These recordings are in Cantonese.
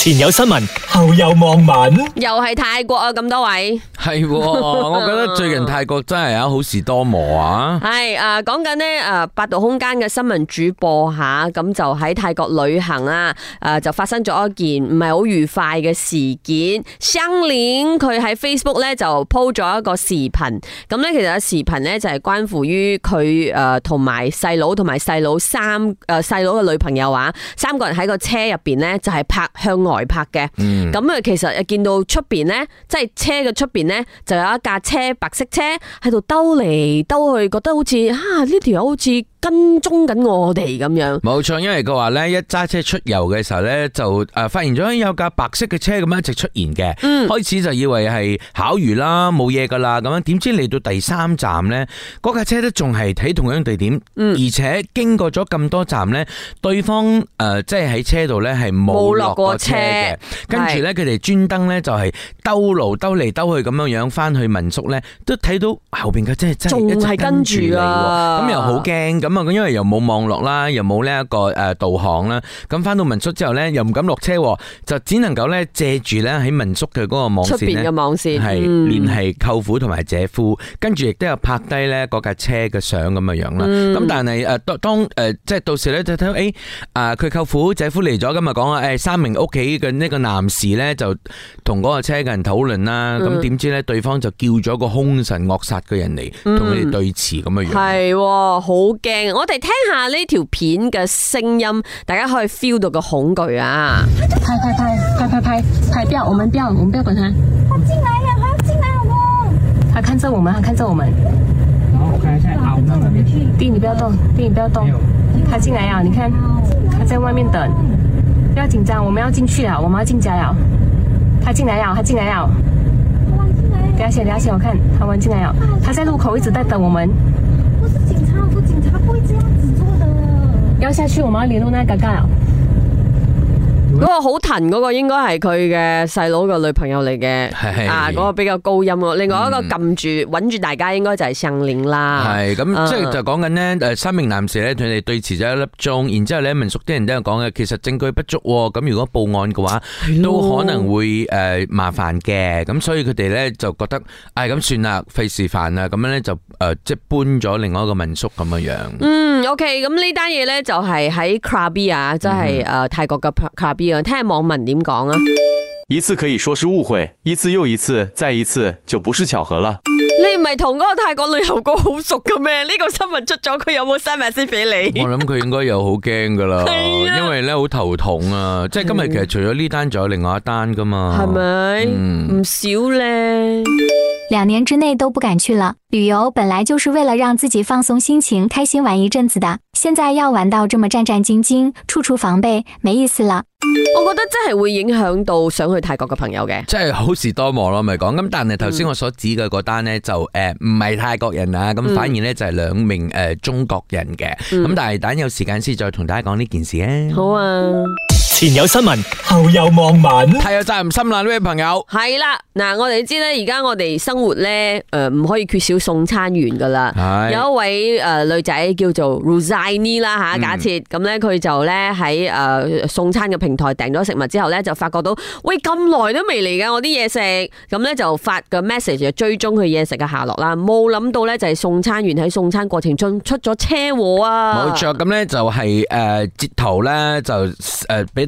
前有新聞，後有網民，又係泰國啊！咁多位。係，哦、我覺得最近泰國真係有好事多磨啊！ 係、啊，誒，講緊咧，誒八度空間嘅新聞主播吓，咁就喺泰國旅行啊，誒就發生咗一件唔係好愉快嘅事件。上年佢喺 Facebook 咧就 po 咗一個視頻，咁咧其實這個視頻咧就係關乎於佢誒同埋細佬同埋細佬三誒細佬嘅女朋友啊，三個人喺個車入邊咧就係拍向外拍嘅，咁、啊、嗯、其實誒見到出邊咧即係車嘅出邊。呢就有一架車，白色車喺度兜嚟兜去，覺得好似，啊呢條友好似，跟蹤緊我哋咁樣，冇錯，因為佢話咧，一揸車出遊嘅時候咧，就誒發現咗有架白色嘅車咁樣一直出現嘅，嗯，開始就以為係巧遇啦，冇嘢噶啦，咁樣，點知嚟到第三站咧，嗰架車都仲係喺同樣地點，嗯，而且經過咗咁多站咧，對方誒即係喺車度咧係冇落過車嘅，跟住咧佢哋專登咧就係兜路兜嚟兜去咁樣樣翻去民宿咧，都睇到後邊架車真係真係一直跟住嚟，咁又好驚噶。咁啊，因為又冇網絡啦，又冇呢一個誒導航啦。咁返到民宿之後咧，又唔敢落車，就只能夠咧借住咧喺民宿嘅個網線咧，係聯繫舅父同埋姐夫，跟住亦都有拍低咧架車嘅相咁嘅樣啦。咁、嗯、但係誒當誒、呃、即係到時咧就聽到誒啊佢舅父姐夫嚟咗，今日講啊誒三名屋企嘅呢個男士咧就同個車嘅人討論啦。咁點、嗯、知咧對方就叫咗個兇神惡煞嘅人嚟同佢哋對峙咁嘅樣，係好驚。我哋聽下呢條片嘅聲音，大家可以 feel 到個恐懼啊！拍拍拍，拍拍拍，拍，拍不要，我們不要，我們不要管他。他進來了，他要進來，老公。他看着我們，他看着我們。然後開下，好、okay，跟住我哋去。弟，你不要動，弟你不要動。他進來了，你看，他在外面等。嗯、不要緊張，我們要進去了，我們要進家、嗯、了。他進來了，他進、啊、來了。等下先，等下先，我看，他們進來了。啊、他在路口一直在等我們。不是警察，我說警察不會這樣子做的。要下去，我們要聯絡那個嘎嘎嗰個好騰，嗰個應該係佢嘅細佬嘅女朋友嚟嘅，是啊嗰、那個比較高音咯。另外一個撳住揾住、嗯、大家應該就係上年啦。係咁，即、嗯、係、嗯、就講緊呢，誒三名男士咧，佢哋對峙咗一粒鐘，然之後咧民宿啲人都講嘅，其實證據不足喎。咁如果報案嘅話，咯都可能會誒麻煩嘅。咁所以佢哋咧就覺得，唉、哎、咁算啦，費事煩啦。咁樣咧就誒即係搬咗另外一個民宿咁嘅樣。嗯，OK，咁呢單嘢咧就係喺 Krabi 啊，即係誒泰國嘅 Krabi 聽網民點講啊！一次可以說是誤會，一次又一次，再一次就不是巧合啦。你唔係同個泰國旅遊哥好熟嘅咩？呢、這個新聞出咗，佢有冇 send message 俾你？我諗佢應該有好驚噶啦， 是啊，因為咧好頭痛啊，即係今日其實除咗呢單，仲有另外一單噶嘛，係咪吧？唔、嗯、少咧。兩年之內都不敢去了。旅遊本來就是為了讓自己放鬆心情、開心玩一陣子的，現在要玩到這麼戰戰兢兢、處處防備，沒意思了。我覺得真係會影響到想去泰國嘅朋友嘅，即係好事多磨咯，咪講。咁但係頭先我所指嘅嗰單呢，就誒唔係泰國人啊，咁反而呢，就係兩名誒、呃、中國人嘅。咁但係等有時間先再同大家講呢件事啊。好啊。前有新聞，後有網民。太有責任心啦，呢位朋友。係啦，嗱，我哋知咧，而家我哋生活咧，誒，唔可以缺少送餐員噶啦。係。有一位誒女仔叫做 Rosini 啦吓，假設咁咧，佢就咧喺誒送餐嘅平台訂咗食物之後咧，就發覺到喂咁耐都未嚟噶，我啲嘢食。咁咧就發個 message，就追蹤佢嘢食嘅下落啦。冇諗到咧，就係送餐員喺送餐過程中出咗車禍啊！冇錯，咁咧就係誒，截圖咧就誒俾。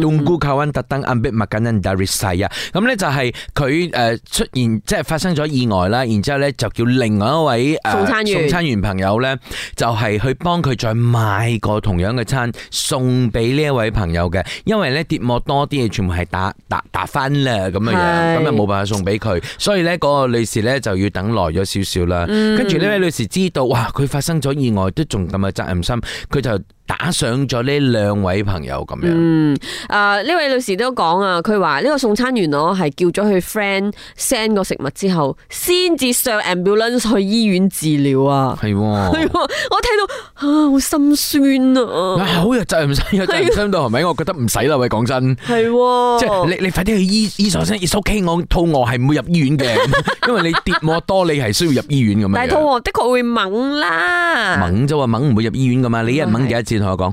用 Google One 特登 umbit 麥緊陣大細啊！咁咧就係佢誒出現，即係發生咗意外啦。然之後咧就叫另外一位誒送餐員送餐員朋友咧，就係去幫佢再買個同樣嘅餐送俾呢一位朋友嘅。因為咧跌莫多啲嘢，全部係打打打翻啦咁嘅樣，咁又冇辦法送俾佢。所以咧嗰個女士咧就要等耐咗少少啦。跟住呢位女士知道，哇！佢發生咗意外都仲咁嘅責任心，佢就打上咗呢兩位朋友咁樣。誒，呢、呃、位女士都講啊，佢話呢個送餐員我係叫咗佢 friend send 個食物之後，先至上 ambulance 去醫院治療啊。係，對哦、 我聽到啊，好心酸啊，啊。好有責任心，好有責任心到係咪？對哦、我覺得唔使啦，喂，講真對、哦。係，即係你你快啲去醫醫生先，如果 OK，我肚餓係唔會入醫院嘅， 因為你跌冇多，你係需要入醫院咁樣。 但係肚餓的確會猛啦猛，猛就話猛唔會入醫院噶嘛？你一猛幾多次？同我講。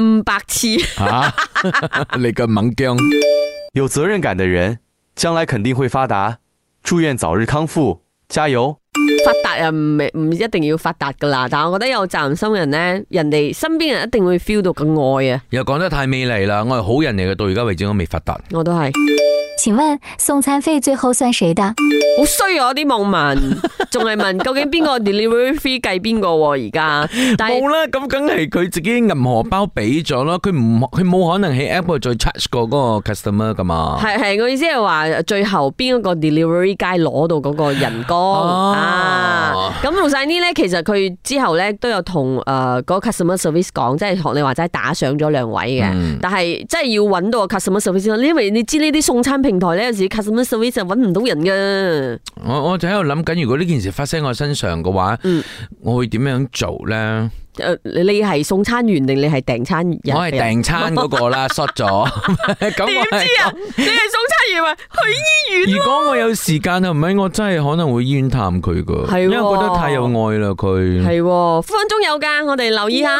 唔白癡啊！你個猛姜，有責任感嘅人將來肯定會發達，祝願早日康復，加油！發達又唔唔一定要發達噶啦，但係我覺得有責任心嘅人咧，人哋身邊人一定會 feel 到咁愛啊！又講得太美麗啦，我係好人嚟嘅，到而家為止都未發達，我都係。請問送餐費最後算誰的？好衰啊！啲網民仲係問究竟邊個 delivery fee 計邊個？而家冇啦，咁梗係佢自己銀荷包俾咗咯。佢唔，佢冇可能喺 Apple 再 charge 過個 customer 噶嘛？係係，我意思係話最後邊個 delivery guy 攞到嗰個人工啊？咁盧晒呢咧，其實佢之後咧都有同誒個 customer service 講，即係學你話齋打賞咗兩位嘅。嗯，但係真係要搵到個 customer service 先，因為你知呢啲送餐平。平台呢有時 customer service 就揾唔到人噶，我我就喺度諗緊，如果呢件事發生喺我身上嘅話，我會點樣做咧？誒，你係送餐員定你係訂餐人？我係訂餐嗰個啦，摔咗。咁我知你係送餐員咪去醫院？如果我有時間啊，唔係我真係可能會醫院探佢噶，因為覺得太有愛啦佢。係分分鐘有噶，我哋留意下。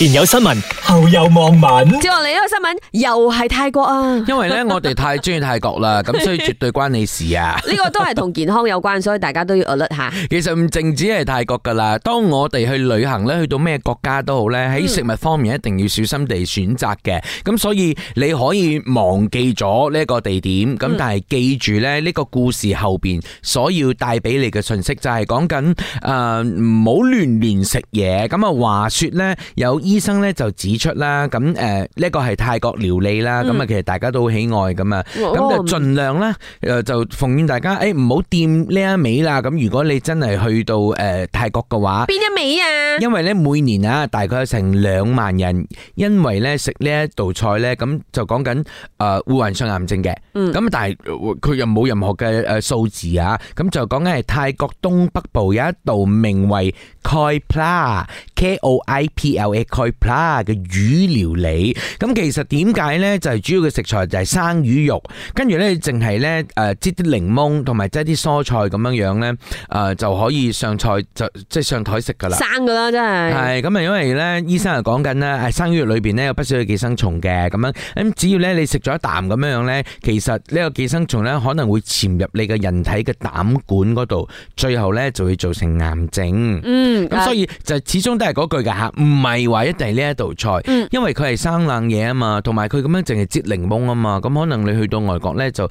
前有新聞，後有網民。接落嚟呢個新聞又係泰國啊！因為咧，我哋太中意泰國啦，咁所以絕對關你事啊！呢個都係同健康有關，所以大家都要 alert 下。其實唔淨止係泰國噶啦，當我哋去旅行咧，去到咩國家都好咧，喺食物方面一定要小心地選擇嘅。咁所以你可以忘記咗呢個地點，咁但係記住咧，呢個故事後邊所要帶俾你嘅信息就係講緊誒，唔好亂亂食嘢。咁啊，話說咧有。醫生咧就指出啦，咁誒呢個係泰國料理啦，咁啊其實大家都好喜愛咁啊，咁就儘量咧誒就奉勸大家，誒唔好掂呢一味啦。咁如果你真係去到誒泰國嘅話，邊一味啊？因為咧每年啊，大概有成兩萬人因為咧食呢一道菜咧，咁就講緊誒患上癌症嘅。嗯，咁但係佢又冇任何嘅誒數字啊，咁就講緊係泰國東北部有一道名為 Koipla K O I P L A pla 嘅魚料理，咁其實點解咧？就係、是、主要嘅食材就係生魚肉，跟住咧淨係咧誒，啲檸檬同埋擠啲蔬菜咁樣樣咧，誒就可以上菜，就即係上台食噶啦，生噶啦，真係係咁啊！因為咧，醫生又講緊咧，誒，生魚肉裏邊咧有不少嘅寄生蟲嘅，咁樣咁只要咧你食咗一啖咁樣樣咧，其實呢個寄生蟲咧可能會潛入你嘅人體嘅膽管嗰度，最後咧就會造成癌症。嗯，咁所以就始終都係嗰句噶吓，唔係話。一定係呢一道菜，因為佢係生冷嘢，啊嘛，同埋佢咁樣淨係擠檸檬啊嘛，咁可能你去到外國咧就誒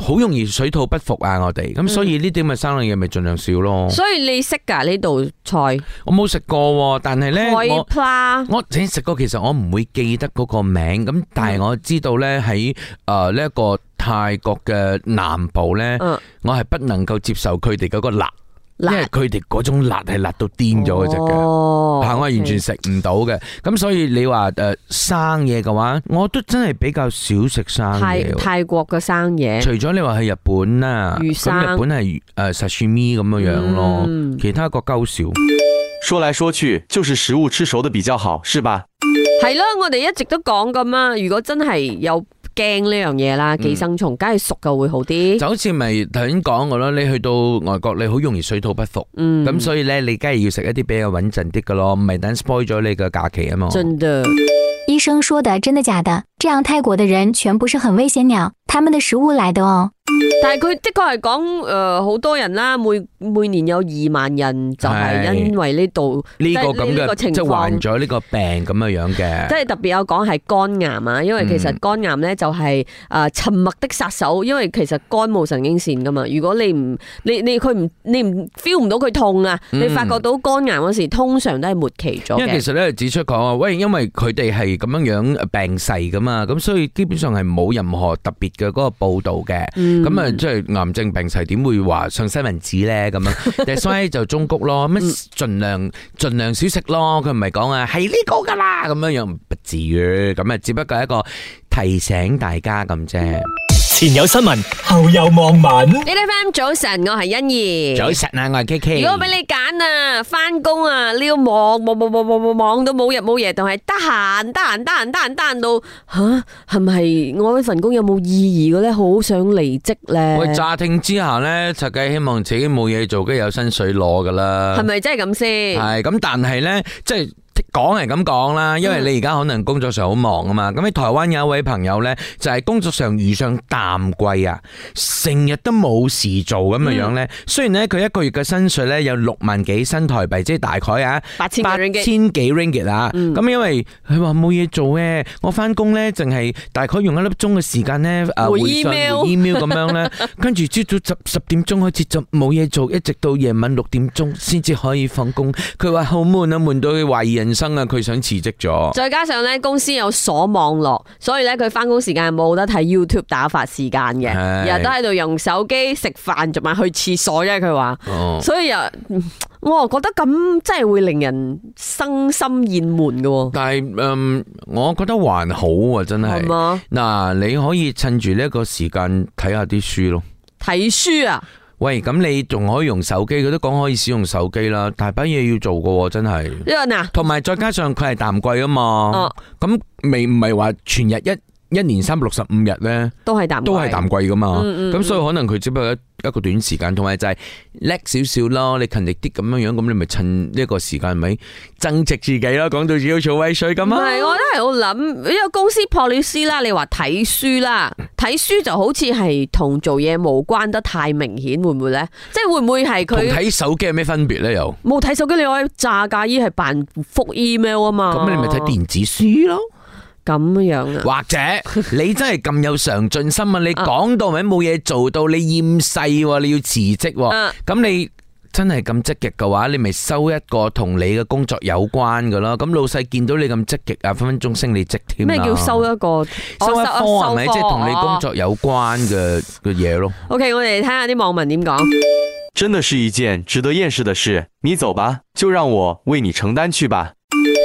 好容易水土不服啊我哋，咁所以呢啲咪生冷嘢咪盡量少咯。所以你識噶呢道菜？我冇食過，但係咧我我整食過，其實我唔會記得嗰個名，咁但係我知道咧喺誒呢一個泰國嘅南部咧，我係不能夠接受佢哋嗰個辣。辣因為佢哋嗰種辣係辣到癲咗嗰隻嘅，吓我係完全食唔到嘅。咁 okay 所以你話誒、呃、生嘢嘅話，我都真係比較少食生嘢。泰泰國嘅生嘢，除咗你話去日本啦，咁生日本係誒壽司咁樣樣咯，嗯、其他個鳩少。說來說去就是食物吃熟的比較好，是吧？係咯，我哋一直都講㗎嘛，如果真係有。驚呢樣嘢啦，寄生蟲，梗係、嗯、熟嘅會好啲。就好似咪頭先講嘅咯，你去到外國，你好容易水土不服，咁、嗯、所以咧，你梗係要食一啲比較穩陣啲嘅咯，唔係等 spoil 咗你嘅假期啊嘛。真的，醫生說的，真的假的？這樣泰國的人全部是很危險鳥，他們的食物來的哦。但係佢的確係講誒，好多人啦，每每年有二萬人就係因為呢度呢個咁嘅情況，即係患咗呢個病咁嘅樣嘅。即係特別有講係肝癌啊，因為其實肝癌咧就係誒沉默的殺手，因為其實肝冇神經線噶嘛，如果你唔你你佢唔你唔 feel 唔到佢痛啊，你發覺到肝癌嗰時，通常都係末期咗。因為其實咧指出講啊，喂，因為佢哋係咁樣樣病逝噶嘛，咁所以基本上係冇任何特別嘅嗰個報道嘅。咁啊，即係、嗯、癌症病逝點會話上新聞紙咧咁樣？但所以就中谷咯，咁盡、 嗯、量盡量少食咯。佢唔係講啊，係呢個㗎啦咁樣樣，不至於咁啊，只不過係一個提醒大家咁啫。前有新聞，後有網民。呢啲 friend 早晨，我係欣怡。早晨啊，我係 K K。如果俾你揀啊，翻工啊，撩網，忙忙忙忙忙忙到冇日冇夜，定係得閒？得閒？得閒？得閒？得閒到吓？係咪我呢份工有冇意義嘅咧？好想離職咧。乍聽之下咧，實際希望自己冇嘢做，跟住有薪水攞噶啦。係咪真係咁先？係咁，但係咧，即係。講係咁講啦，因為你而家可能工作上好忙啊嘛，咁喺、嗯、台灣有一位朋友呢，就係工作上遇上淡季啊，成日都冇事做咁嘅樣咧。嗯、雖然呢，佢一個月嘅薪水呢，有六萬幾新台幣，即係大概啊八千幾 ringgit 啦。咁因為佢話冇嘢做呢，我翻工呢，淨係大概用一粒鐘嘅時間呢，啊回 email、email 咁樣呢，跟住朝早十十點鐘開始就冇嘢做， 一直到夜晚六點鐘先至可以放工。佢話好悶啊，悶到佢懷疑人。人生啊，佢想辭職咗，再加上咧公司有鎖網絡，所以咧佢返工時間冇得睇 YouTube 打發時間嘅，日日是的 都喺度用手機食飯，同埋去廁所啫。佢話，哦、所以又我又覺得咁真係會令人生心厭悶嘅。但係嗯，我覺得還好啊，真係。嗱嗎，你可以趁住呢個時間睇下啲書咯，睇書啊。喂，咁你仲可以用手機？佢都講可以使用手機啦，大把嘢要做噶，真係。同埋、啊、再加上佢係淡季啊嘛，咁未唔係話全日一。一年三百六十五日咧，都係淡都係淡季噶嘛。咁、嗯嗯、所以可能佢只不過一一個短時間，同埋、嗯嗯、就係叻少少咯。你勤力啲咁樣樣，咁你咪趁呢個時間咪增值自己咯。講到自己好似威水咁啊，唔係我都係我諗，因為公司 policy 啦，你話睇書啦，睇書就好似係同做嘢無關得太明顯，會唔會咧？即係會唔會係佢睇手機有咩分別咧？又冇睇手機，你可以詐假意係扮覆 email 啊嘛。咁你咪睇電子書咯。咁樣、啊，或者你真係咁有上進心啊？你講到咪冇嘢，做到，你厭世喎，啊，你要辭職喎。咁你真係咁積極嘅話，你咪收一個同你嘅工作有關嘅咯。咁老細見到你咁積極啊，分分鐘升你職添。咩叫收一個？收一科係咪？即係同你工作有關嘅嘅嘢咯。O K，我哋睇下啲網民點講。真的是一件值得厭世的事，你走吧，就讓我為你承擔去吧。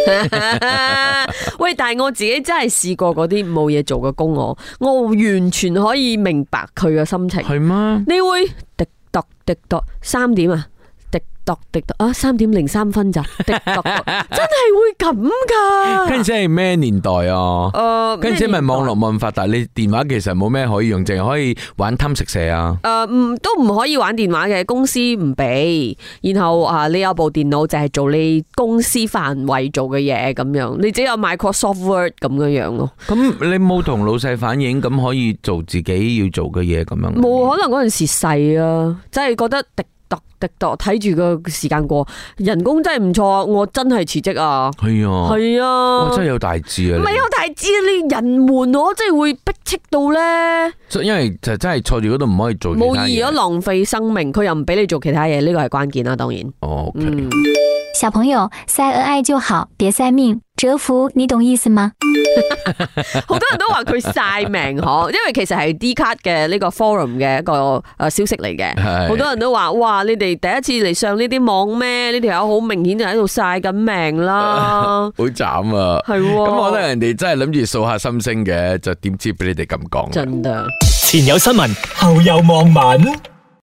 喂，但係我自己真係試過啲冇嘢做嘅工我，我我完全可以明白佢嘅心情，係嗎？你會滴答滴答三點啊？的確，啊，三點零三分咋？的確，真係會咁噶？跟住係咩年代啊？誒，跟住咪網絡冇咁發達，你電話其實冇咩可以用，淨係可以玩貪食蛇啊？誒，唔都唔可以玩電話嘅，公司唔俾。然後啊，你有部電腦就係做你公司範圍做嘅嘢咁樣，你只有買個 software 咁樣樣咯。咁你冇同老細反映，咁可以做自己要做嘅嘢咁樣？冇，可能嗰陣時細啊，真係覺得的。睇住個時間過，人工真係唔錯，我真係辭職啊！係啊，係啊，我真係有大志啊！唔係有大志，啊，你人們我真係會逼到咧。因為就真係坐住嗰度唔可以做。無疑啊，浪費生命，佢又唔俾你做其他嘢，呢個係關鍵啦，當然。哦，小朋友，晒恩愛就好，別晒命。小虎，你懂意思嗎？好 多人都話佢晒命嗬，因為其實係 Dcard 嘅呢個 forum 嘅一個誒消息嚟嘅。係，好多人都話：哇，你哋第一次嚟上呢啲網咩？呢條友好明顯就喺度晒緊命啦，好慘 啊！係、啊，咁我諗人哋真係諗住數下心聲嘅，就點知俾你哋咁講？真嘅的，前有新聞，後有網民。